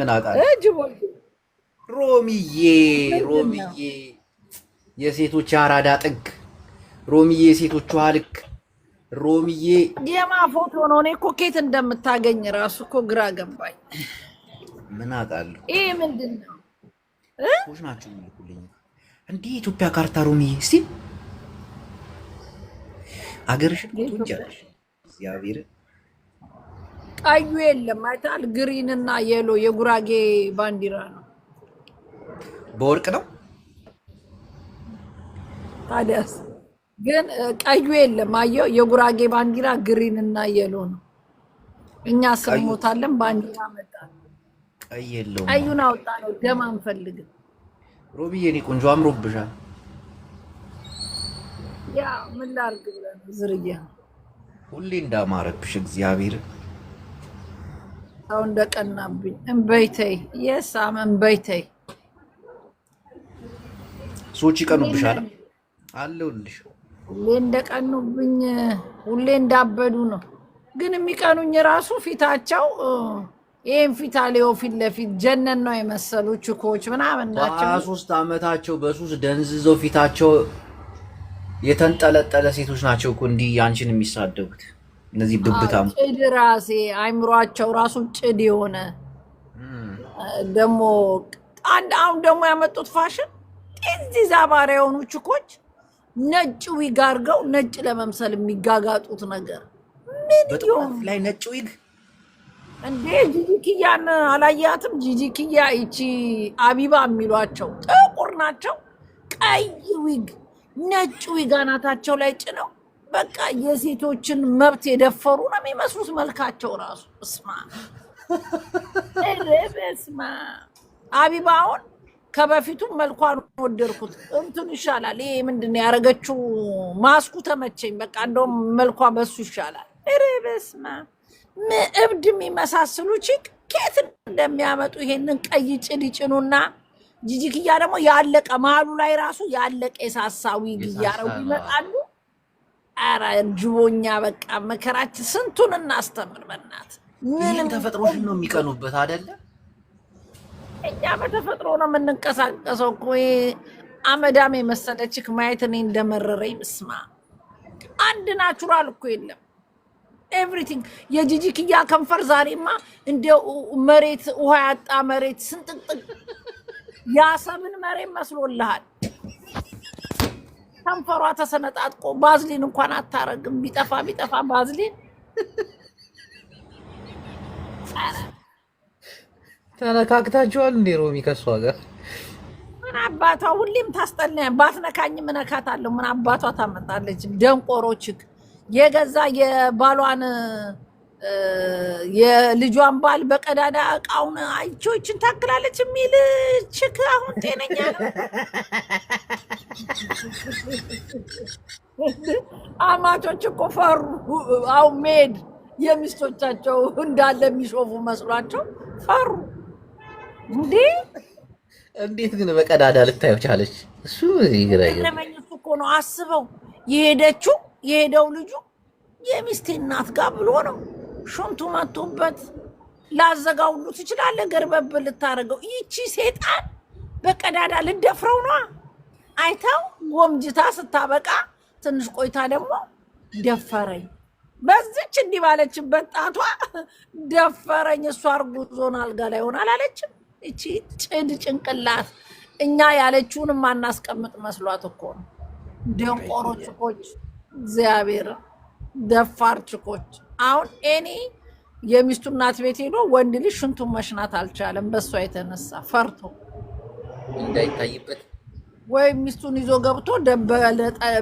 ምን አጣለ? ሮሚዬ ሮሚዬ የሴቶች አራዳ ጥግ ሮሚዬ የሴቶቹ ልክ ሮሚዬ የማ ፎቶ ነው? እኔ እኮ ኬት እንደምታገኝ ራሱ እኮ ግራ ገባኝ። ምን ይህ ምንድን ነው? ናቸው የሚልኩልኝ። የኢትዮጵያ ካርታ ሮሚዬ፣ አገርሽን እግዚአብሔርን ቀዩ የለም አይታል። ግሪን እና የሎ የጉራጌ ባንዲራ ነው። በወርቅ ነው ታዲያስ። ግን ቀዩ የለም አየው። የጉራጌ ባንዲራ ግሪን እና የሎ ነው። እኛ ስሞታለን ባንዲራ መጣ። ቀይ የለውም። ቀዩን አውጣ ነው። ደም አንፈልግም። ሮቢዬ እኔ ቆንጆ አምሮብሻል። ያ ምን ላድርግ ብለህ ዝርያ ሁሌ እንዳማረብሽ እግዚአብሔር ሰው እንደቀናብኝ እንበይተይ የሳም እንበይተይ ሰዎች ይቀኑብሻል አለሁልሽ። ሁሌ እንደቀኑብኝ ሁሌ እንዳበዱ ነው። ግን የሚቀኑኝ ራሱ ፊታቸው ይህም ፊት አሌው ፊት ለፊት ጀነን ነው የመሰሉ ችኮች ምናምን ናቸው። ሀያ ሶስት ዓመታቸው በሱስ ደንዝዘው ፊታቸው የተንጠለጠለ ሴቶች ናቸው እኮ እንዲህ አንቺን የሚሳደቡት እነዚህ ብብታም ጭድ ራሴ አይምሯቸው ራሱ ጭድ የሆነ ደግሞ አንድ አሁን ደግሞ ያመጡት ፋሽን ጤዚ ዛባራ የሆኑ ችኮች ነጭ ዊግ አድርገው ነጭ ለመምሰል የሚጋጋጡት ነገር ምን ላይ ነጭ ዊግ እንዴ! ጂጂ ኪያን አላያትም? ጂጂ ኪያ ይቺ አቢባ የሚሏቸው ጥቁር ናቸው። ቀይ ዊግ ነጭ ዊግ አናታቸው ላይ ጭነው በቃ የሴቶችን መብት የደፈሩ ነው የሚመስሉት መልካቸው ራሱ። እስማ ስማ አቢባውን ከበፊቱ መልኳን ወደድኩት። እንትን ይሻላል። ይሄ ምንድን ነው ያደረገችው? ማስኩ ተመቸኝ። በቃ እንደውም መልኳ በሱ ይሻላል። ሬበስማ እብድ የሚመሳስሉ ቺክ ኬት እንደሚያመጡ ይሄንን ቀይ ጭድ ይጭኑና፣ ጂጂክያ ደግሞ ያለቀ መሀሉ ላይ ራሱ ያለቀ የሳሳዊ ግያረው ይመጣሉ። አረ እንጅቦኛ በቃ መከራችን ስንቱን እናስተምር። በእናት ምንም ተፈጥሮሽን ነው የሚቀኑበት አይደለ? እኛ በተፈጥሮ ነው የምንንቀሳቀሰው እኮ አመዳም የመሰለችክ ማየት እኔ እንደመረረኝ ምስማ። አንድ ናቹራል እኮ የለም ኤቭሪቲንግ። የጂጂ ክያ ከንፈር ዛሬማ እንደ መሬት ውሃ ያጣ መሬት ስንጥቅጥቅ ያሰብን መሬት መስሎልሃል። ከንፈሯ ተሰነጣጥቆ ባዝሊን እንኳን አታረግም። ቢጠፋ ቢጠፋ ባዝሊን ተነካክታችኋል እንዴ? ሮሚ ከሷ ጋር ምን አባቷ ሁሌም ታስጠላኝ። ባትነካኝም እነካታለሁ። ምን አባቷ ታመጣለች? ደንቆሮች የገዛ የባሏን የልጇን ባል በቀዳዳ እቃውን አይቾችን ታክላለች የሚል ችክ አሁን ጤነኛ ነው? አማቾች እኮ ፈሩ። አው ሜድ የሚስቶቻቸው እንዳለ የሚሾፉ መስሏቸው ፈሩ። እንዴ እንዴት ግን በቀዳዳ ልታየው ቻለች? እሱ ይገረመኝ እኮ ነው። አስበው የሄደችው የሄደው ልጁ የሚስቴ እናት ጋር ብሎ ነው ሹንቱ መቶበት ላዘጋውሉ ሁሉ ትችላለህ። ገርበብ ልታደርገው ይቺ ሴጣን በቀዳዳ ልደፍረው ኗ አይተው ጎምጅታ ስታበቃ ትንሽ ቆይታ ደግሞ ደፈረኝ በዚች እንዲህ ባለችበት ጣቷ ደፈረኝ። እሷ እርጉዞን አልጋ ላይ ሆናል አለችም። እቺ ጭድ ጭንቅላት እኛ ያለችውን ማናስቀምጥ መስሏት እኮ ነው። ደንቆሮች እኮች እግዚአብሔር ደፋር ችኮች። አሁን እኔ የሚስቱ እናት ቤት ሄዶ ወንድ ልጅ ሽንቱን መሽናት አልቻለም፣ በእሷ የተነሳ ፈርቶ እንዳይታይበት ወይም ሚስቱን ይዞ ገብቶ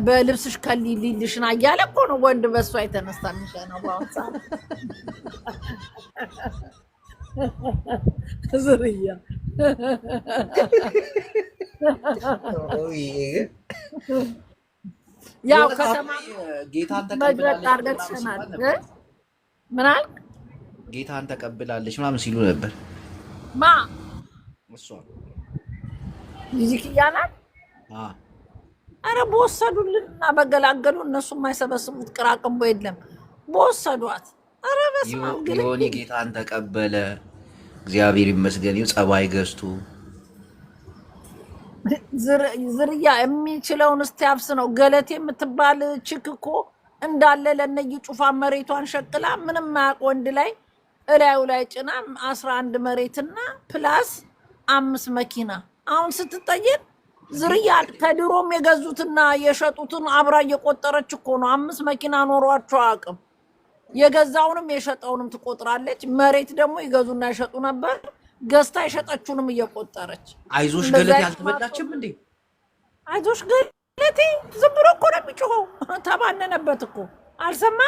በልብስሽ ከሊልልሽና እያለ እኮ ነው ወንድ በእሷ የተነሳ የሚሸነው። በአሁን ሰዓት ዝርያ ያው ከተማ ጌታን ተቀብላለች ምናምን ጌታን ተቀብላለች ምናምን ሲሉ ነበር። ማ እሷ ዚክያ ናት። አረ በወሰዱልን እና በገላገሉ እነሱ የማይሰበስቡት ቅራቅንቦ የለም። በወሰዷት። አረ ጌታን ተቀበለ። እግዚአብሔር ይመስገን። ጸባይ ገዝቱ ዝርያ የሚችለውን አብስ ነው። ገለቴ የምትባል ችክ እኮ እንዳለ ለነይ ጩፋ መሬቷን ሸቅላ ምንም ማያውቅ ወንድ ላይ እላዩ ላይ ጭና አስራ አንድ መሬትና ፕላስ አምስት መኪና አሁን ስትጠየቅ ዝርያ ከድሮም የገዙትና የሸጡትን አብራ እየቆጠረች እኮ ነው። አምስት መኪና ኖሯቸው አቅም የገዛውንም የሸጠውንም ትቆጥራለች። መሬት ደግሞ ይገዙና ይሸጡ ነበር። ገዝታ የሸጠችውንም እየቆጠረች አይዞሽ ገለቴ አልተበላችም እንዴ? አይዞሽ ገለቴ ዝም ብሎ እኮ ነው የሚጮኸው። ተባነነበት እኮ አልሰማ።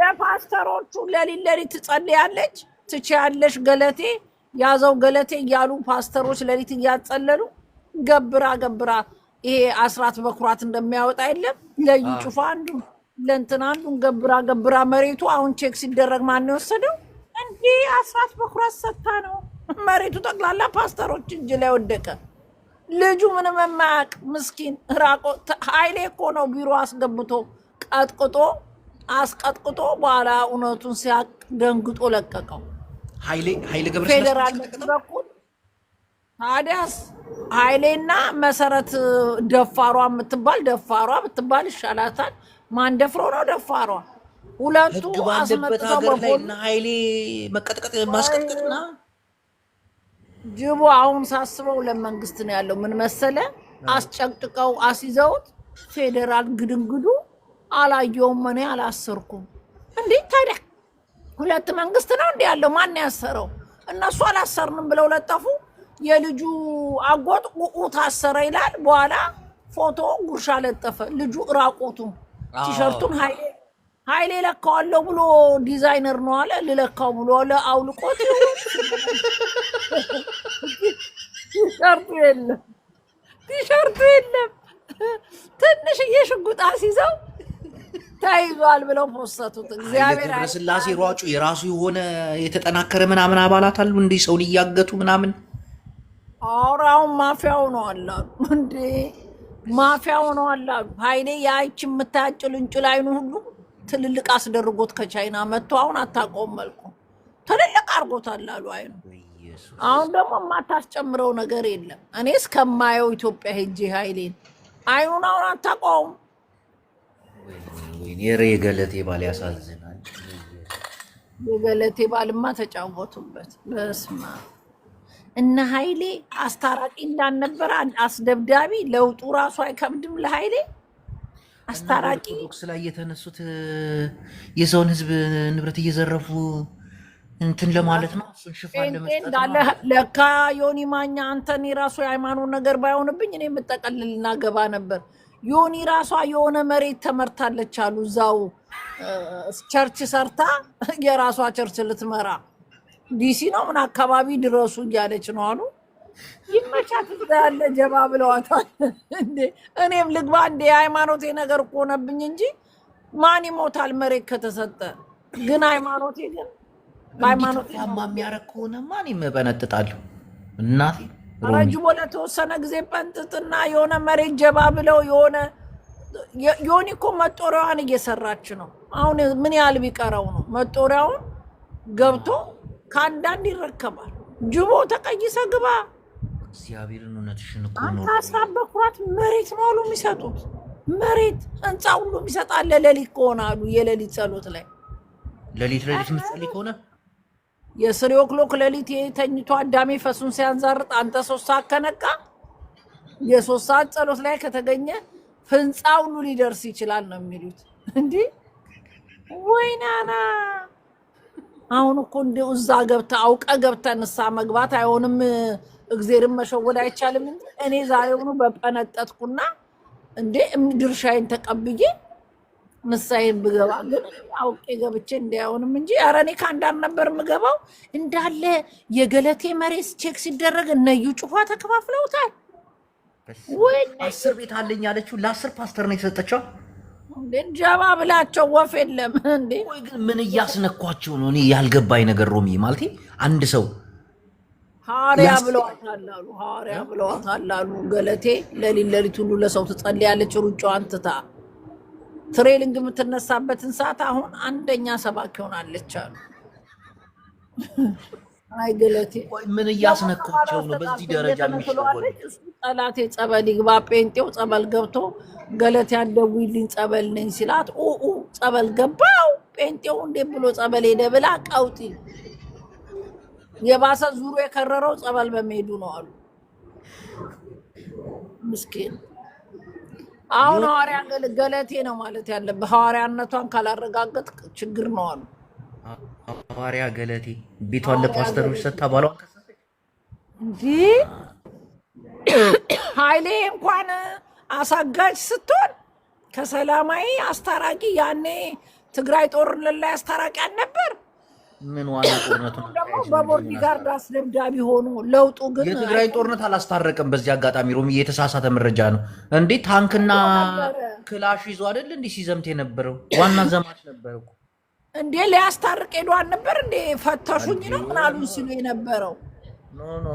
ለፓስተሮቹ ለሊት ለሊት ትጸልያለች። ትችያለሽ ገለቴ ያዘው ገለቴ እያሉ ፓስተሮች ለሊት እያጸለሉ ገብራ ገብራ ይሄ አስራት በኩራት እንደሚያወጣ የለም ለዩ ጩፋ አንዱ ለእንትና አንዱን ገብራ ገብራ መሬቱ አሁን ቼክ ሲደረግ ማን የወሰደው? እንዲህ አስራት በኩራት ሰታ ነው መሬቱ ጠቅላላ ፓስተሮች እጅ ላይ ወደቀ። ልጁ ምንም የማያውቅ ምስኪን ራቆ ኃይሌ እኮ ነው ቢሮ አስገብቶ ቀጥቅጦ አስቀጥቅጦ በኋላ እውነቱን ሲያቅ ደንግጦ ለቀቀው። ፌዴራል በኩል ታዲያስ ኃይሌና መሰረት ደፋሯ የምትባል ደፋሯ ምትባል ይሻላታል ማን ደፍሮ ነው ደፋሯ? ሁለቱ አስመጥተው መቀጥቀጥ ማስቀጥቀጥና ጅቡ አሁን ሳስበው ለመንግስት ነው ያለው። ምን መሰለ አስጨቅጭቀው አስይዘውት ፌዴራል ግድንግዱ አላየውም። እኔ አላሰርኩም። እንዴት ታዲያ ሁለት መንግስት ነው እንዲ ያለው? ማን ያሰረው? እነሱ አላሰርንም ብለው ለጠፉ። የልጁ አጎጥ ቁቁ ታሰረ ይላል። በኋላ ፎቶ ጉርሻ ለጠፈ ልጁ እራቆቱ ቲሸርቱን ሀይሌ ሀይሌ ለካዋለሁ ብሎ ዲዛይነር ነው አለ። ልለካው ብሎ አለ አውልቆት ቲሸርቱ የለም፣ ቲሸርቱ የለም። ትንሽዬ ሽጉጣ ሲዘው ተይዟል ብለው ፖሰቱት። እግዚአብሔር ስላሴ ሯጩ የራሱ የሆነ የተጠናከረ ምናምን አባላት አሉ፣ እንዲህ ሰውን እያገቱ ምናምን። አውራውን ማፊያው ነው አላሉ እንዴ ማፊያ ሆነዋል አሉ ኃይሌ ያይች የምታጭል እንጭል አይኑ ሁሉ ትልልቅ አስደርጎት ከቻይና መጥቶ አሁን አታውቀውም መልኩ ትልልቅ አድርጎታል አሉ አይኑ። አሁን ደግሞ የማታስጨምረው ነገር የለም። እኔ እስከማየው ኢትዮጵያ ሄጄ ኃይሌን አይኑን አሁን አታውቀውም። የገለቴ ባል ያሳዝናል። የገለቴ ባልማ ተጫወቱበት በስማ እነ ሀይሌ አስታራቂ እንዳልነበረ አስደብዳቢ ለውጡ ራሱ አይከብድም። ለሀይሌ አስታራቂ ኦርቶዶክስ ላይ የተነሱት የሰውን ህዝብ ንብረት እየዘረፉ እንትን ለማለት ነው። እሱን ሽፋን ለካ ዮኒ ማኛ አንተን የራሱ የሃይማኖት ነገር ባይሆንብኝ እኔ የምጠቀልል ናገባ ነበር። ዮኒ ራሷ የሆነ መሬት ተመርታለች አሉ። እዛው ቸርች ሰርታ የራሷ ቸርች ልትመራ ዲሲ ነው ምን አካባቢ ድረሱ እያለች ነው አሉ። ይመቻት ያለ ጀባ ብለዋታል። እኔም ልግባ እንደ የሃይማኖቴ ነገር እኮ ሆነብኝ እንጂ ማን ይሞታል መሬት ከተሰጠ ግን ሃይማኖቴ ግን ሃይማኖት ያማ የሚያደርግ ከሆነማ እኔም እበነጥጣለሁ እናቴ ረጅሞ ለተወሰነ ጊዜ ጴንጥጥና የሆነ መሬት ጀባ ብለው የሆነ ዮኒ እኮ መጦሪያዋን እየሰራች ነው። አሁን ምን ያህል ቢቀረው ነው መጦሪያውን ገብቶ ከአንዳንድ ይረከባል። ጅቦ ተቀይሰ ግባ። እግዚአብሔርን እውነትሽን እኮ ነው። አንተ በኩራት መሬት ነው አሉ የሚሰጡት መሬት ህንፃ ሁሉ የሚሰጣል። ለሌሊት ከሆነ አሉ የሌሊት ጸሎት ላይ ሌሊት ሌሊት የምትጸልይ ከሆነ የስሪ ኦክሎክ ሌሊት የተኝቶ አዳሜ ፈሱን ሲያንዛርጥ አንተ ሶስት ሰዓት ከነቃ የሶስት ሰዓት ጸሎት ላይ ከተገኘ ህንፃ ሁሉ ሊደርስ ይችላል ነው የሚሉት። እንዲህ ወይናና አሁን እኮ እንደ እዛ ገብተ አውቀ ገብተ ንሳ መግባት አይሆንም። እግዜርም መሸወድ አይቻልም እንጂ እኔ ዛሬውኑ በጠነጠጥኩና እንዴ ድርሻዬን ተቀብዬ ንስሓዬን ብገባ ግን አውቄ ገብቼ እንዲ አይሆንም እንጂ ኧረ እኔ ነበር የምገባው። እንዳለ የገለቴ መሬት ቼክ ሲደረግ እነዩ ጩፋ ተከፋፍለውታል። አስር ቤት አለኝ ያለችው ለአስር ፓስተር ነው የተሰጠችው። ጀባ ብላቸው ወፍ የለም እንዴ? ወይ ግን ምን እያስነኳቸው ነው? እኔ ያልገባኝ ነገር ሮሚ ማለት አንድ ሰው ሐዋርያ ብለዋታል አሉ ሐዋርያ ብለዋታል አሉ ገለቴ ለሊት ለሊት ሁሉ ለሰው ትጸልያለች ሩጫዋን ትታ ትሬሊንግ የምትነሳበትን ሰዓት አሁን አንደኛ ሰባኪ ሆናለች አሉ። ምን እያስነካቸው ነው በዚህ ደረጃ ጠላቴ ጸበል ይግባ ጴንጤው ጸበል ገብቶ ገለት ያደዊልኝ ጸበል ነኝ ሲላት ጸበል ገባው ጴንጤው እንዴ ብሎ ጸበል ሄደ ብላ ቀውጢ የባሰ ዙሮ የከረረው ጸበል በመሄዱ ነው አሉ። ምስኪን አሁን ሐዋርያ ገለቴ ነው ማለት ያለብህ። ሐዋርያነቷን ካላረጋገጥ ችግር ነው አሉ። ሐዋርያ ገለቴ ቤቷን ለፓስተሮች ሰታ ባሏ እንዲ ኃይሌ እንኳን አሳጋጅ ስትሆን ከሰላማዊ አስታራቂ ያኔ ትግራይ ጦርነት ላይ አስታራቂ ነበር። ምን ዋና ጦርነቱ ደግሞ በቦርዲ ጋርድ አስደብዳቢ ሆኖ ለውጡ ግን የትግራይ ጦርነት አላስታረቀም በዚህ አጋጣሚ ሮሚ የተሳሳተ መረጃ ነው እንዴ። ታንክና ክላሽ ይዞ አይደል እንዲህ ሲዘምት የነበረው ዋና ዘማች ነበረው። እንዴ ሊያስታርቅ ሄዷን ነበር እንዴ ፈተሹኝ ነው ምናሉን ሲሉ የነበረው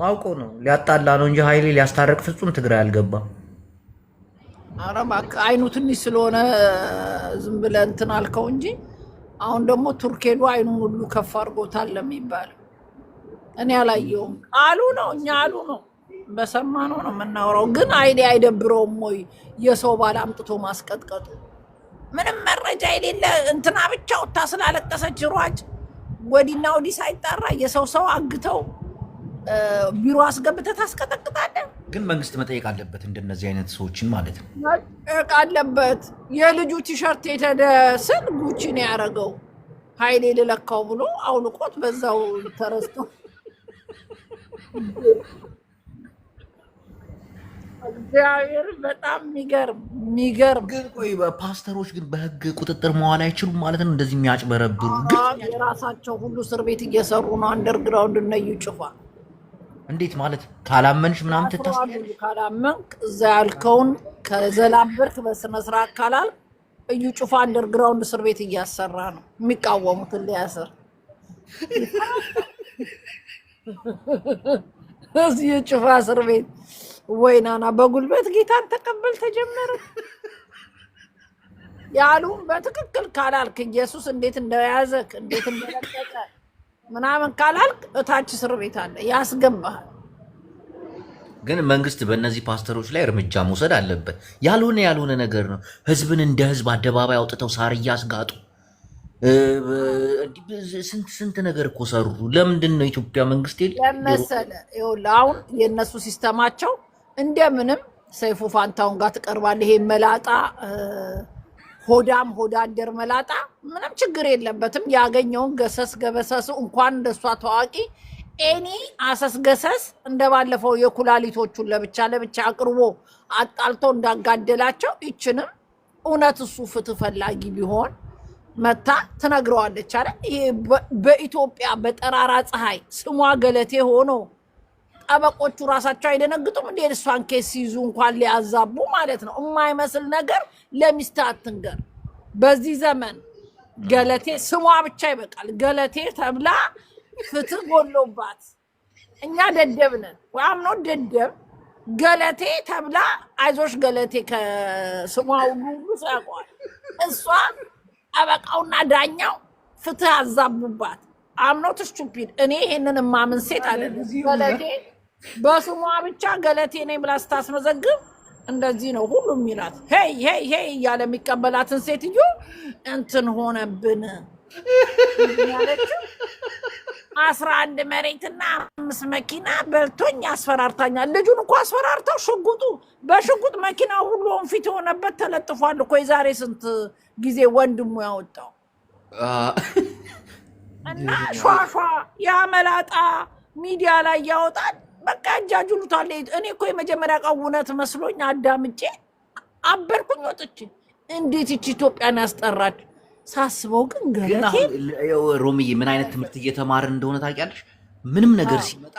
አውቆ ነው ሊያጣላ ነው እንጂ ሀይሌ ሊያስታርቅ ፍጹም ትግራይ አልገባም። አረ እባክህ አይኑ ትንሽ ስለሆነ ዝም ብለህ እንትን አልከው እንጂ አሁን ደግሞ ቱርክ ሄዶ አይኑን ሁሉ ከፍ አድርጎታል ለሚባል እኔ አላየውም አሉ ነው እኛ አሉ ነው በሰማነው ነው የምናወራው። ግን አይኔ አይደብረውም ወይ የሰው ባል አምጥቶ ማስቀጥቀጡ ምንም መረጃ የሌለ እንትና ብቻ ወታ ስላለቀሰች ሯጭ ወዲና ወዲህ ሳይጣራ የሰው ሰው አግተው ቢሮ አስገብተ ታስቀጠቅጣለ ግን መንግስት መጠየቅ አለበት እንደነዚህ አይነት ሰዎችን ማለት ነው መጠየቅ አለበት። የልጁ ቲሸርት የተደስን ጉቺን ያደረገው ኃይሌ ልለካው ብሎ አውልቆት በዛው ተረስቶ እግዚአብሔር በጣም የሚገርም የሚገርም ግን፣ ቆይ ፓስተሮች ግን በህግ ቁጥጥር መዋል አይችሉም ማለት ነው? እንደዚህ የሚያጭበረብሩ የራሳቸው ሁሉ እስር ቤት እየሰሩ ነው። አንደርግራውንድ እነዩ ጭፋ እንዴት ማለት ካላመንሽ ምናምን ትታስሉ ካላመንክ እዛ ያልከውን ከዘላምበርክ በስነስርዓት ካላል እዩ ጩፋ አንደርግራውንድ እስር ቤት እያሰራ ነው። የሚቃወሙት ሊያስር እዚህ ጭፋ እስር ቤት ወይናና በጉልበት ጌታን ተቀበል ተጀመረ ያሉ በትክክል ካላልክ ኢየሱስ እንዴት እንደያዘክ እንዴት እንደለቀቀ ምናምን ካላልክ እታች እስር ቤት አለ ያስገባሃል። ግን መንግስት በእነዚህ ፓስተሮች ላይ እርምጃ መውሰድ አለበት። ያልሆነ ያልሆነ ነገር ነው። ህዝብን እንደ ህዝብ አደባባይ አውጥተው ሳር እያስጋጡ ስንት ስንት ነገር እኮ ሰሩ። ለምንድን ነው ኢትዮጵያ መንግስት የለ መሰለ? ይኸውልህ አሁን የእነሱ ሲስተማቸው እንደምንም ሰይፉ ፋንታውን ጋር ትቀርባለህ። ይሄ መላጣ ሆዳም ሆዳደር መላጣ ምንም ችግር የለበትም። ያገኘውን ገሰስ ገበሰሱ እንኳን እንደሷ ታዋቂ ኤኒ አሰስ ገሰስ እንደባለፈው የኩላሊቶቹን ለብቻ ለብቻ አቅርቦ አጣልቶ እንዳጋደላቸው ይችንም እውነት እሱ ፍትህ ፈላጊ ቢሆን መታ ትነግረዋለች አለ። ይሄ በኢትዮጵያ በጠራራ ፀሐይ ስሟ ገለቴ ሆኖ ጠበቆቹ ራሳቸው አይደነግጡም እንዴ? እሷን ኬስ ሲይዙ እንኳን ሊያዛቡ ማለት ነው። የማይመስል ነገር ለሚስት አትንገር። በዚህ ዘመን ገለቴ ስሟ ብቻ ይበቃል። ገለቴ ተብላ ፍትህ ጎሎባት እኛ ደደብ ነን ወይም ነው ደደብ ገለቴ ተብላ አይዞሽ ገለቴ ከስሟ ሁሉ ሁሉ እሷ ጠበቃውና ዳኛው ፍትህ አዛቡባት። አምኖት ስቱፒድ እኔ ይሄንን የማምን ሴት አለ ገለቴ በስሟ ብቻ ገለቴ ነኝ ብላ ስታስመዘግብ እንደዚህ ነው ሁሉም የሚላት። ሄይ ሄይ ሄይ እያለ የሚቀበላትን ሴትዮ እንትን ሆነብን አስራ አንድ መሬትና አምስት መኪና በልቶኝ ያስፈራርታኛል። ልጁን እኮ አስፈራርተው ሽጉጡ በሽጉጥ መኪና ሁሉ ፊት የሆነበት ተለጥፏል እኮ የዛሬ ስንት ጊዜ ወንድሙ ያወጣው እና ሿሿ ያመላጣ ሚዲያ ላይ ያወጣል። በቃ እጃጁሉታለ። እኔ እኮ የመጀመሪያ ዕቃ እውነት መስሎኝ አዳምጬ አበርኩኝ ወጥቼ፣ እንዴት ይቺ ኢትዮጵያን ያስጠራች ሳስበው፣ ግን ሮምዬ ምን አይነት ትምህርት እየተማረ እንደሆነ ታውቂያለሽ? ምንም ነገር ሲመጣ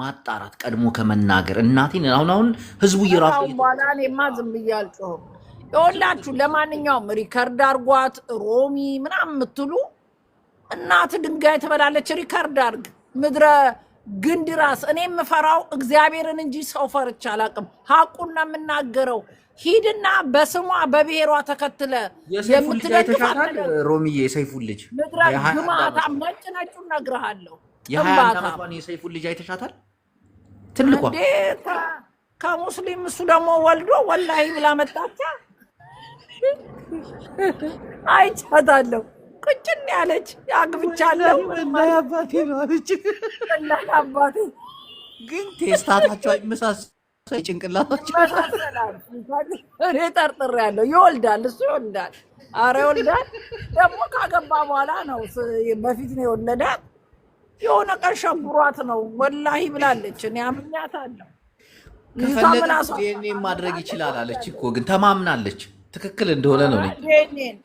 ማጣራት ቀድሞ ከመናገር እናቴን። አሁን አሁን ህዝቡ እየራሱ በኋላ እኔማ ዝም እያልጮህ ይኸውላችሁ። ለማንኛውም ሪከርድ አርጓት ሮሚ ምናምን የምትሉ እናት ድንጋይ ትበላለች። ሪከርድ አርግ ምድረ ግንድ ራስ። እኔ የምፈራው እግዚአብሔርን እንጂ ሰው ፈርቼ አላውቅም። ሀቁና የምናገረው። ሂድና በስሟ በብሔሯ ተከትለ የምትደግፋት ሮሚዬ የሰይፉን ልጅ ግማታ ነጭ ነጩን እነግርሃለሁ። ጥምባታን የሰይፉን ልጅ አይተሻታል? ትልቋ ከሙስሊም እሱ ደግሞ ወልዶ ወላሂ ብላ መጣቻ አይቻታለሁ። ቁጭን ያለች አግብቻለሁ አባቴ ነው አለች። አባቴ ግን ቴስታታቸው አይመሳሰል ጭንቅላታቸው እኔ ጠርጥሬያለሁ። ይወልዳል፣ እሱ ይወልዳል። አረ ይወልዳል። ደግሞ ካገባ በኋላ ነው። በፊት ነው የወለዳት። የሆነ ቀን ሸጉሯት ነው ወላሂ ብላለች። እኔ አምኛት አምኛታለሁ። ከፈለገ ማድረግ ይችላል አለች እኮ ግን ተማምናለች። ትክክል እንደሆነ ነው።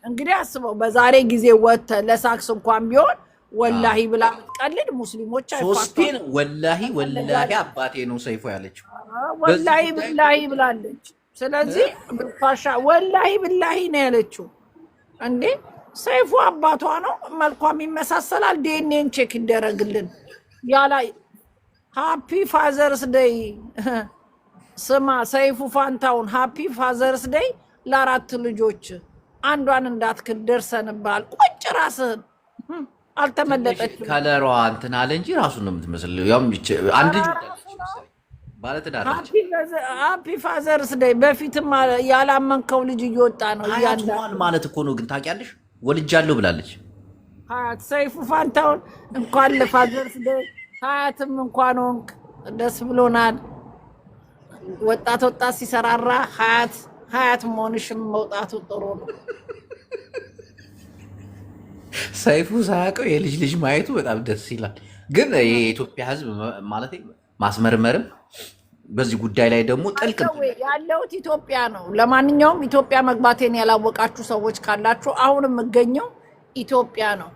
እንግዲህ አስበው፣ በዛሬ ጊዜ ወተ ለሳክስ እንኳን ቢሆን ወላሂ ብላ ብትቀልድ ሙስሊሞች ሶስቴን ወላሂ ወላሂ አባቴ ነው ሰይፎ ያለችው ወላሂ ብላሂ ብላለች። ስለዚህ ብፋሻ ወላሂ ብላሂ ነው ያለችው። እንዴ ሰይፉ አባቷ ነው፣ መልኳም ይመሳሰላል። ዴኔን ቼክ ይደረግልን ያላ ሃፒ ፋዘርስ ደይ ስማ፣ ሰይፉ ፋንታውን ሃፒ ፋዘርስ ደይ ለአራት ልጆች አንዷን እንዳትክል ደርሰንባል። ቆጭ ራስህን አልተመለጠችም። ከለሯ እንትን አለ እንጂ ራሱ ነው የምትመስል። አንድ ልጅ ባለትዳር ሀፒ ፋዘርስ ደይ። በፊትም ያላመንከው ልጅ እየወጣ ነው። ሀያቷን ማለት እኮ ነው። ግን ታውቂያለሽ ወልጃለሁ ብላለች ሀያት ሰይፉ ፋንታውን። እንኳን ለፋዘርስ ደይ ሀያትም እንኳን ሆንክ፣ ደስ ብሎናል። ወጣት ወጣት ሲሰራራ ሀያት ሀያት መሆንሽም መውጣቱ ጥሩ ነው። ሰይፉ ሳያውቀው የልጅ ልጅ ማየቱ በጣም ደስ ይላል። ግን የኢትዮጵያ ሕዝብ ማለት ማስመርመርም በዚህ ጉዳይ ላይ ደግሞ ጥልቅ ያለሁት ኢትዮጵያ ነው። ለማንኛውም ኢትዮጵያ መግባቴን ያላወቃችሁ ሰዎች ካላችሁ አሁን የምገኘው ኢትዮጵያ ነው።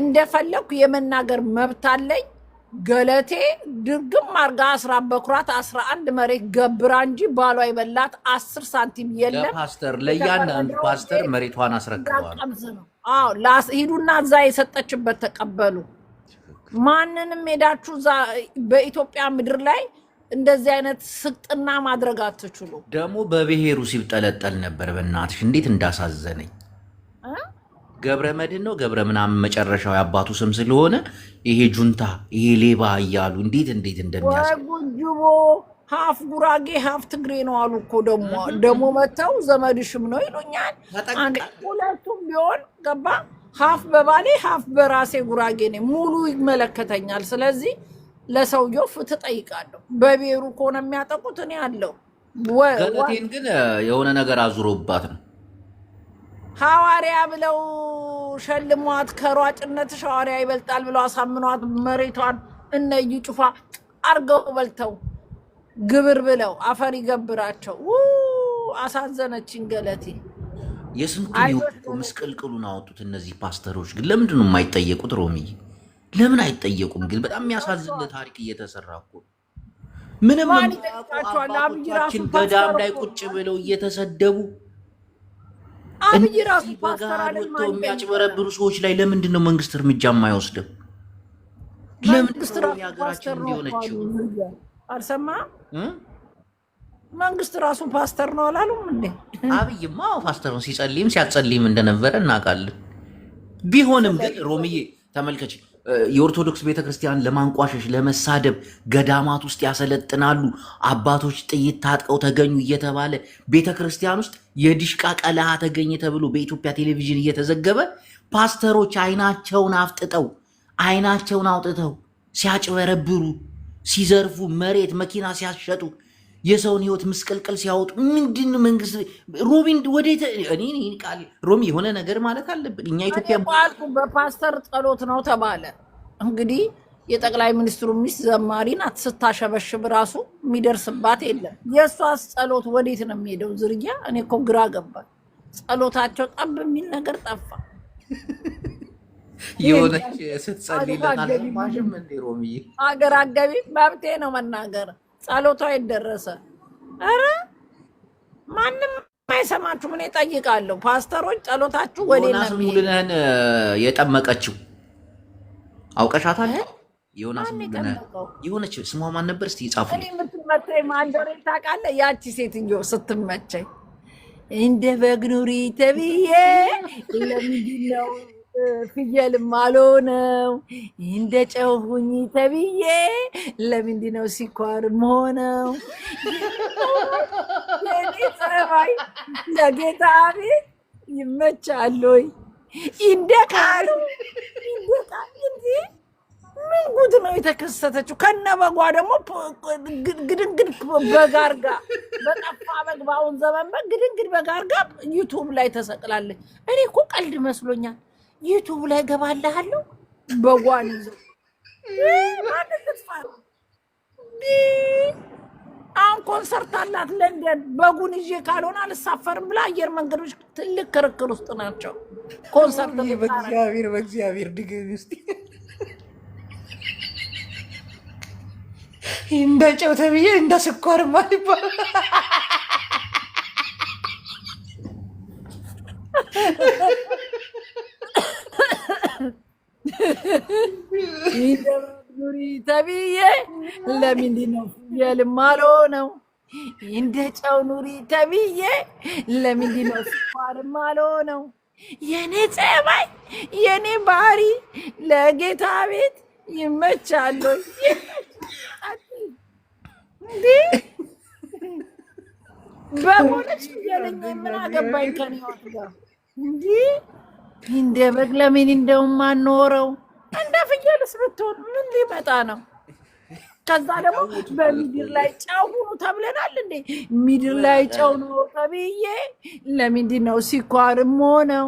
እንደፈለግኩ የመናገር መብት አለኝ። ገለቴ ድርግም አርጋ አስራ በኩራት አስራ አንድ መሬት ገብራ እንጂ ባሏ የበላት አስር ሳንቲም የለም። ፓስተር ለእያንዳንዱ ፓስተር መሬቷን አስረክበዋል። ሂዱና እዛ የሰጠችበት ተቀበሉ። ማንንም ሄዳችሁ በኢትዮጵያ ምድር ላይ እንደዚህ አይነት ስቅጥና ማድረግ አትችሉ። ደግሞ በብሔሩ ሲብጠለጠል ነበር። በእናትሽ እንዴት እንዳሳዘነኝ ገብረ መድን ነው ገብረ ምናምን መጨረሻው የአባቱ ስም ስለሆነ ይሄ ጁንታ ይሄ ሌባ እያሉ እንዴት እንዴት እንደሚያስጉጅቦ ሀፍ ጉራጌ ሀፍ ትግሬ ነው አሉ እኮ ደግሞ ደግሞ መተው ዘመድሽም ነው ይሉኛል። ሁለቱም ቢሆን ገባ ሀፍ በባሌ ሀፍ በራሴ ጉራጌ ነኝ። ሙሉ ይመለከተኛል። ስለዚህ ለሰውየው ፍትህ ጠይቃለሁ። በብሔሩ ከሆነ የሚያጠቁት እኔ አለው። ገለቴን ግን የሆነ ነገር አዙሮባት ነው ሐዋርያ ብለው ሸልሟት ከሯጭነት ሐዋርያ ይበልጣል ብለው አሳምኗት መሬቷን እነ ጩፋ አርገው በልተው ግብር ብለው አፈር ይገብራቸው። አሳዘነችን ገለቴ። የስንቱን የወጡ ምስቅልቅሉን አወጡት። እነዚህ ፓስተሮች ግን ለምንድን ነው የማይጠየቁት? ሮሚ ለምን አይጠየቁም? ግን በጣም የሚያሳዝን ታሪክ እየተሰራ እኮ ምንም አባቶቻችን በዳም ላይ ቁጭ ብለው እየተሰደቡ አብይ ራሱ ፓስተር አለኝ ማለት የሚያጭበረብሩ ሰዎች ላይ ለምንድን ነው መንግስት እርምጃ የማይወስድም? ለምንድን ነው የሀገራችን እንዲሆነችው? አልሰማህም? መንግስት ራሱ ፓስተር ነው አላሉም እንዴ? አብይማ ፓስተር ነው፣ ሲጸልይም ሲያጸልይም እንደነበረ እናውቃለን። ቢሆንም ግን ሮምዬ ተመልከች የኦርቶዶክስ ቤተክርስቲያን ለማንቋሸሽ ለመሳደብ ገዳማት ውስጥ ያሰለጥናሉ፣ አባቶች ጥይት ታጥቀው ተገኙ እየተባለ ቤተክርስቲያን ውስጥ የዲሽቃ ቀለሃ ተገኘ ተብሎ በኢትዮጵያ ቴሌቪዥን እየተዘገበ ፓስተሮች አይናቸውን አፍጥጠው አይናቸውን አውጥተው ሲያጭበረብሩ ሲዘርፉ መሬት መኪና ሲያሸጡ የሰውን ህይወት ምስቅልቅል ሲያወጡ ምንድን መንግስት ሮቢን ወደ ቃል ሮሚ የሆነ ነገር ማለት አለብን። እኛ ኢትዮጵያ በፓስተር ጸሎት ነው ተባለ። እንግዲህ የጠቅላይ ሚኒስትሩ ሚስት ዘማሪ ናት። ስታሸበሽብ ራሱ የሚደርስባት የለም። የእሷስ ጸሎት ወዴት ነው የሚሄደው? ዝርያ እኔ እኮ ግራ ገባል። ጸሎታቸው ጠብ የሚል ነገር ጠፋ። የሆነች ስትጸልይ ሮሚ ሀገር አገቢ መብቴ ነው መናገር ጸሎቷ የደረሰ ኧረ ማንም የማይሰማችሁ ምን እጠይቃለሁ። ፓስተሮች ጸሎታችሁ ወዴት ነው? ሙሉነህን የጠመቀችው አውቀሻታል? ዮናስ የሆነች ስሟ ማን ነበር? እስቲ እስኪ ጻፉ። የምትመቸኝ ማንዶሬ ታውቃለህ? ያቺ ሴትዮ ስትመቸኝ እንደ በግኑሪ ተብዬ ለምንድን ነው ፍየልም አልሆነው እንደ ጨው ሁኝ ተብዬ ለምንድን ነው ሲኳርም ሆነው ጸባይ ለጌታ አቤት ይመቻል ወይ እንደ ካሉ እንዲ ምን ጉድ ነው የተከሰተችው? ከነ በጓ ደግሞ ግድንግድ በጋርጋ በጠፋ በግባውን ዘመን በግ በጋርጋ ዩቱብ ላይ ተሰቅላለች። እኔ እኮ ቀልድ መስሎኛል። ዩቱብ ላይ ገባልሃለሁ በጓን ይዘው አሁን ኮንሰርት አላት ለንደን። በጉን ይዤ ካልሆነ አልሳፈርም ብላ አየር መንገዶች ትልቅ ክርክር ውስጥ ናቸው። ኮንሰርት በእግዚአብሔር በእግዚአብሔር ድግም ውስጥ እንደ ጨው ተብዬ እንደ ስኳር ማይባል ዙሪ ተብዬ ለምንድን ነው ፍየል ማልሆነው? እንደ ጨው ኑሪ ተብዬ ለምንድን ነው ስኳር ማልሆነው? የኔ ጸባይ የኔ ባህሪ ለጌታ ቤት ይመቻሉ። በሞለች ፍየለኛ ምን አገባኝ ከኔ ወት እንዲህ እንደ በግ ለምን እንደውም አኖረው እንደ ፍየልስ ብትሆን ምን ሊመጣ ነው? ከዛ ደግሞ በምድር ላይ ጨው ሁኑ ተብለናል እንዴ? ምድር ላይ ጨው ነው ተብዬ ለምንድን ነው ሲኳርም ሆነው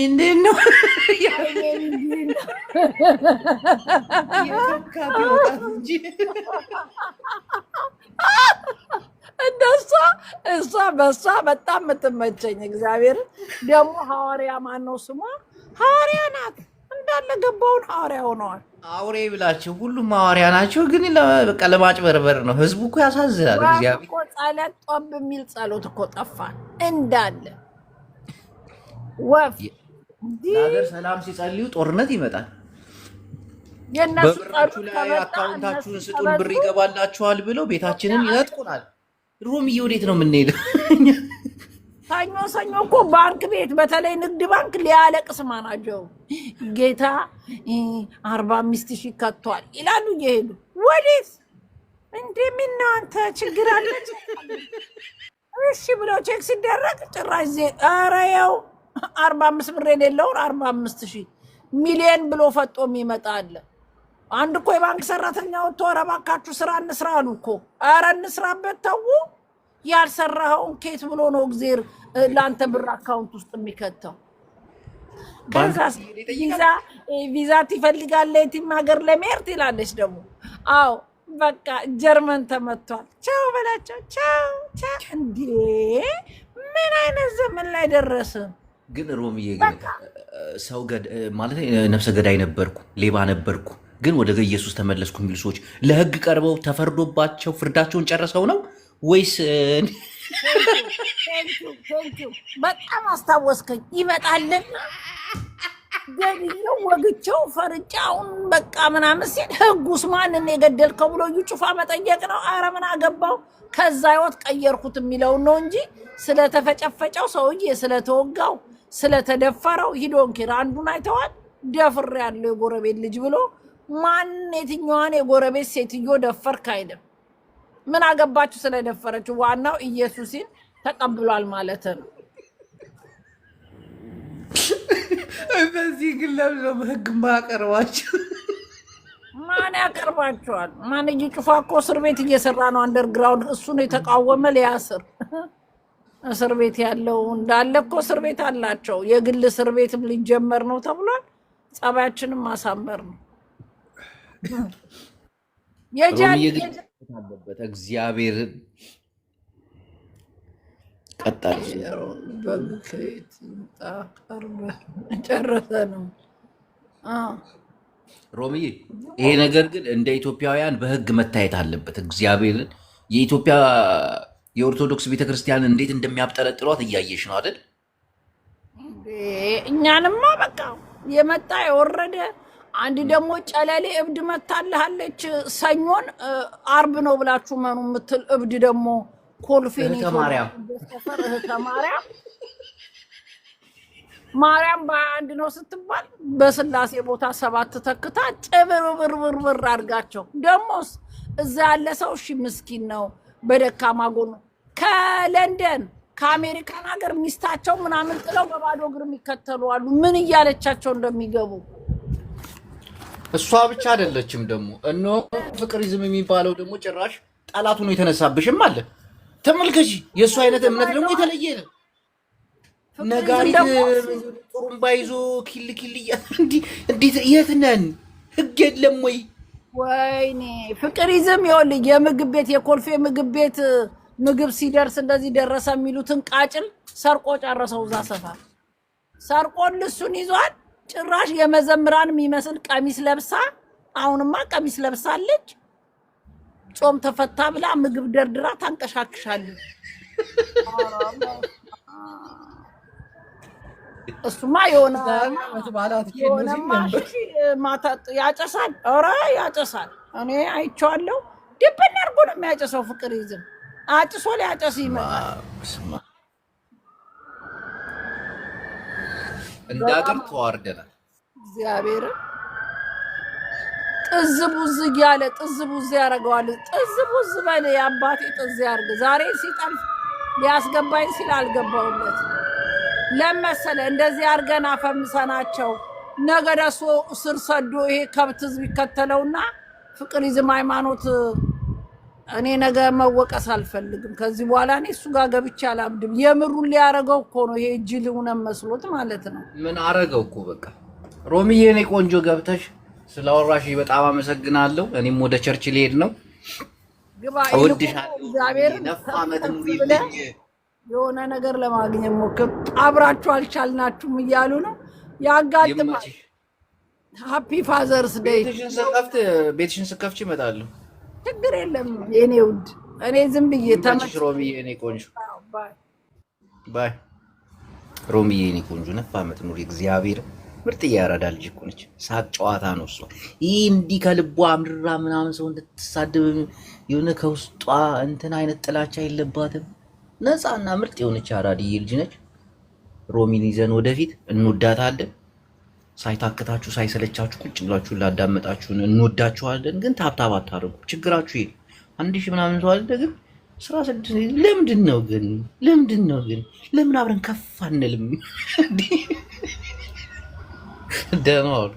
ምንድን ነው እንደሷ እሷ በሷ በጣም የምትመቸኝ እግዚአብሔር ደግሞ ሐዋርያ ማን ነው ስሟ? ሐዋርያ ናት። እንዳለ ገባውን ሐዋርያ ሆነዋል። አውሬ ብላችሁ ሁሉም ሐዋርያ ናቸው፣ ግን በቃ ለማጭበርበር ነው። ህዝቡ እኮ ያሳዝናል። እግዚአብሔር ጸሎት ጦም የሚል ጸሎት እኮ ጠፋ እንዳለ ወፍ። ሀገር ሰላም ሲጸልዩ ጦርነት ይመጣል። በብራችሁ ላይ አካውንታችሁን ስጡን ብር ይገባላችኋል ብለው ቤታችንን ይነጥቁናል። ሮምዬ ወዴት ነው የምንሄደው? ሰኞ ሰኞ እኮ ባንክ ቤት በተለይ ንግድ ባንክ ሊያለቅስ ማናጀው ጌታ አርባ አምስት ሺህ ከቷል ይላሉ እየሄዱ ወዴት እንደሚናንተ ችግር አለች። እሺ ብሎ ቼክ ሲደረግ ጭራሽ ዜ ኧረ ያው አርባ አምስት ብር የሌለውን አርባ አምስት ሺህ ሚሊየን ብሎ ፈጦ የሚመጣ አለ። አንድ እኮ የባንክ ሰራተኛ ወጥቶ ኧረ እባካችሁ ስራ እንስራ አሉ እኮ። ኧረ እንስራበት ተዉ። ያልሰራኸውን ኬት ብሎ ነው እግዜር ለአንተ ብር አካውንት ውስጥ የሚከተው? ቪዛ ትፈልጋለች ሀገር ለመሄድ ትላለች ደግሞ። አዎ በቃ ጀርመን ተመቷል። ቻው በላቸው። ቻው ቻው። እንዴ ምን አይነት ዘመን ላይ ደረስን? ግን ሮምዬ ሰው ማለት ነፍሰ ገዳይ ነበርኩ፣ ሌባ ነበርኩ ግን ወደ ኢየሱስ ተመለስኩ የሚሉ ሰዎች ለህግ ቀርበው ተፈርዶባቸው ፍርዳቸውን ጨርሰው ነው ወይስ? በጣም አስታወስከኝ። ይመጣልና ገድየው ወግቸው ፈርጫውን በቃ ምናምን ሲል ህጉስ ማንን የገደልከው ብሎ እዩ ጩፋ መጠየቅ ነው። አረ ምን አገባው ከዛ ህይወት ቀየርኩት የሚለውን ነው እንጂ ስለተፈጨፈጨው ሰውዬ ስለተወጋው ስለተደፈረው ሂዶንኪር አንዱን አይተዋል ደፍሬ ያለው የጎረቤት ልጅ ብሎ ማን የትኛዋን የጎረቤት ሴትዮ ደፈርክ አይልም። ምን አገባችሁ ስለደፈረችው፣ ዋናው ኢየሱስን ተቀብሏል ማለት ነው። በዚህ ግን ለምለም ህግ ማቀርባቸው ማን ያቀርባቸዋል? ማን እየጩፋ እኮ እስር ቤት እየሰራ ነው አንደርግራውንድ። እሱን የተቃወመ ሊያስር እስር ቤት ያለው እንዳለ እኮ እስር ቤት አላቸው። የግል እስር ቤትም ሊጀመር ነው ተብሏል። ጸባያችንም ማሳመር ነው። አለበት እግዚአብሔር ቀጣል ነው ሮሚዬ። ይሄ ነገር ግን እንደ ኢትዮጵያውያን በህግ መታየት አለበት። እግዚአብሔርን የኢትዮጵያ የኦርቶዶክስ ቤተክርስቲያን እንዴት እንደሚያብጠለጥሏት እያየሽ ነው አይደል? እኛንማ በቃ የመጣ የወረደ አንድ ደግሞ ጨለሌ እብድ መታልሃለች። ሰኞን አርብ ነው ብላችሁ መኑ የምትል እብድ ደግሞ ኮልፌን ማርያም ማርያም በአንድ ነው ስትባል በስላሴ ቦታ ሰባት ተክታ ጭብርብርብርብር አድርጋቸው። ደግሞስ እዛ ያለ ሰው እሺ ምስኪን ነው በደካማ ጎኑ ከለንደን ከአሜሪካን ሀገር ሚስታቸው ምናምን ጥለው በባዶ እግር የሚከተሉ አሉ። ምን እያለቻቸው እንደሚገቡ እሷ ብቻ አይደለችም ደግሞ እነሆ ፍቅሪዝም የሚባለው ደግሞ ጭራሽ ጠላት ሆኖ የተነሳብሽም አለ። ተመልከች፣ የእሱ አይነት እምነት ደግሞ የተለየ ነው። ነጋሪት ጥሩምባ ይዞ ኪል ኪል እንዴት የት ነን? ህግ የለም ወይ? ወይኔ ፍቅሪዝም ይኸውልህ፣ የምግብ ቤት የኮልፌ ምግብ ቤት ምግብ ሲደርስ እንደዚህ ደረሰ የሚሉትን ቃጭል ሰርቆ ጨረሰው። እዛ ሰፈር ልሱን ይዟል። ጭራሽ የመዘምራን የሚመስል ቀሚስ ለብሳ አሁንማ ቀሚስ ለብሳለች። ጾም ተፈታ ብላ ምግብ ደርድራ ታንቀሻክሻለች። እሱማ የሆነ ያጨሳል፣ ኧረ ያጨሳል። እኔ አይቼዋለሁ። ድብን አድርጎ ነው የሚያጨሰው። ፍቅር ይዝም አጭሶ ሊያጨስ ይመጣል። እንደ አጥር ተዋርደናል። እግዚአብሔር ጥዝ ቡዝ እያለ ጥዝ ቡዝ ያደርገዋል። ጥዝ ቡዝ በል የአባቴ ጥዝ ያርግ። ዛሬ ሲጠልፍ ሊያስገባኝ ሲል አልገባውለት ለመሰለ እንደዚህ አድርገን አፈምሰናቸው። ነገ ደሶ ስር ሰዶ ይሄ ከብት ህዝብ ይከተለውና ፍቅር ይዝም ሃይማኖት እኔ ነገ መወቀስ አልፈልግም። ከዚህ በኋላ እኔ እሱ ጋር ገብቼ አላብድም። የምሩን ሊያረገው እኮ ነው ይሄ እጅ እውነት መስሎት ማለት ነው። ምን አረገው እኮ በቃ። ሮሚዬ እኔ ቆንጆ ገብተሽ ስለወራሽ በጣም አመሰግናለሁ። እኔም ወደ ቸርች ሊሄድ ነው። የሆነ ነገር ለማግኘት ሞክር። አብራችሁ አልቻልናችሁም እያሉ ነው ያጋጥማል። ሀፒ ፋዘርስ ዴይ። ቤትሽን ስከፍት እመጣለሁ። ችግር የለም የኔ ውድ። እኔ ዝም ብዬ ተመችሽ። የኔ ቆንጆ ባይ የኔ ቆንጆ ነፍ ኑሪ። እግዚአብሔር ምርጥ እያረዳ ልጅ እኮ ነች። ሳቅ ጨዋታ ነው እሷ። ይህ እንዲህ ከልቧ ምናምን ሰው እንድትሳድብ የሆነ ከውስጧ እንትን አይነት ጥላቻ የለባትም። ነፃና ምርጥ የሆነች አራድዬ ልጅ ነች። ሮሚን ይዘን ወደፊት እንወዳታለን። ሳይታክታችሁ ሳይሰለቻችሁ ቁጭ ብላችሁ ላዳመጣችሁን እንወዳችኋለን። ግን ታብታብ አታደርጉ። ችግራችሁ ይሄ አንድ ሺህ ምናምን ሰው አለ። ግን ስራ ስድስት ለምንድን ነው ግን ለምንድን ነው ግን ለምን አብረን ከፍ አንልም? ደህና ዋሉ።